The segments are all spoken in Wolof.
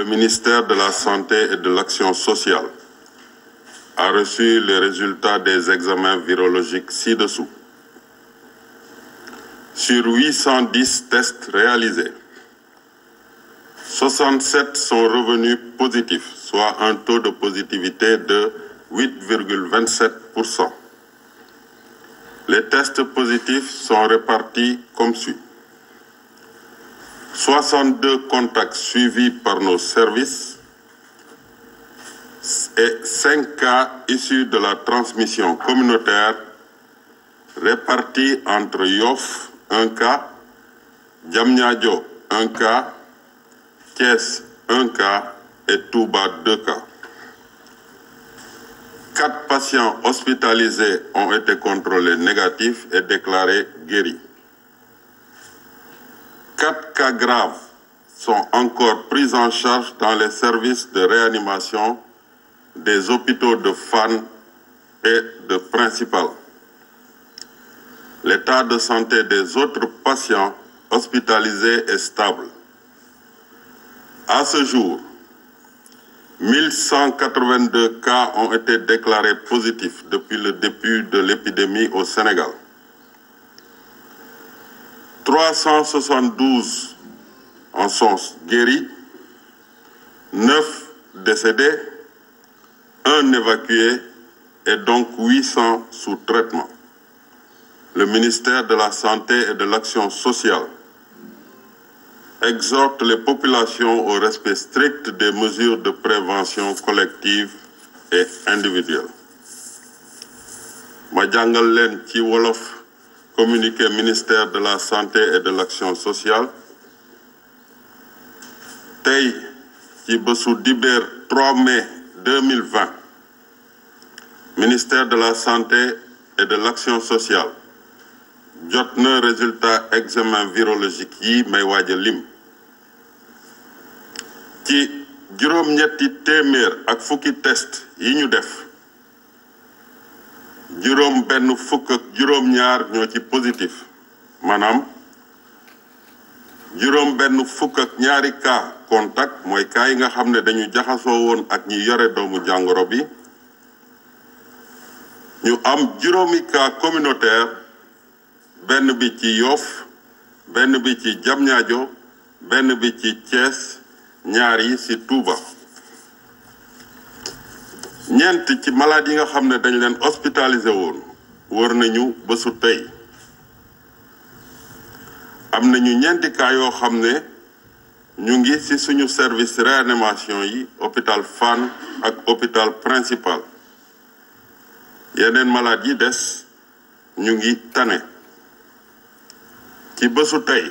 le ministère de la Santé et de l'Action sociale a reçu les résultats des examens virologiques ci-dessous. Sur 810 tests réalisés, 67 sont revenus positifs, soit un taux de positivité de 8,27%. Les tests positifs sont répartis comme suit. 62 contacts suivis par nos services et cinq cas issus de la transmission communautaire répartis entre Yoff, 1 cas, Diamniadio, 1 cas, Thiès, 1 cas et Touba, 2 cas. 4 patients hospitalisés ont été contrôlés négatifs et déclarés guéris. Quatre cas graves sont encore pris en charge dans les services de réanimation des hôpitaux de Fann et de Principal. L'état de santé des autres patients hospitalisés est stable. À ce jour, 1182 cas ont été déclarés positifs depuis le début de l'épidémie au Sénégal. 372 en sont guéris, 9 décédés, 1 évacué et donc 800 sous traitement. Le ministère de la Santé et de l'Action sociale exhorte les populations au respect strict des mesures de prévention collective et individuelle. ma jàngal leen ci wolof communiqué ministère de la santé et de l'action sociale tey ci bésu dibéer 3 mai 2020 ministère de la santé et de l'action sociale jot na résultat examen virologique yi may waaj a lim ci juróom-ñetti téeméer ak fukki test yi ñu def juróom benn fukk ak ñaar ñoo ci positif maanaam juróom benn fukk ak ñaari cas contact mooy cas yi nga xam ne dañu jaxasoo woon ak ñi yore doomu jàngoro bi ñu am juróomi cas communautaire benn bi ci yoof benn bi ci jamñaajo benn bi ci Thiès ñaar yi ci Touba ñeent ci malade yi nga xam ne dañ leen hospitalisé woon wër nañu bésu tey am nañu ñeenti cas yoo xam ne ñu ngi ci suñu service réanimation yi hôpital Fann ak hôpital principal yeneen malade yi des ñu ngi tane ci bësu tey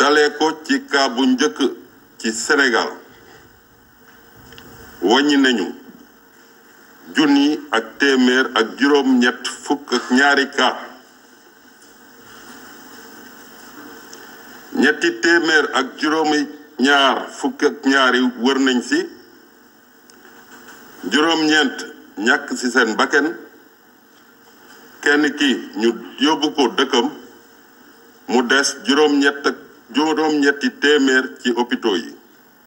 dalee ko ci cas bu njëkk ci senegal wàññi nañu junni ak téeméer ak juróom-ñett fukk ak ñaari cas ñetti téeméer ak juróomi ñaar fukk ak ñaari wër nañ ci juróom-ñeent ñàkk ci seen bakken kenn ki ñu yóbbu ko dëkkam mu des juróom ñetti téeméer ci hôpitaux yi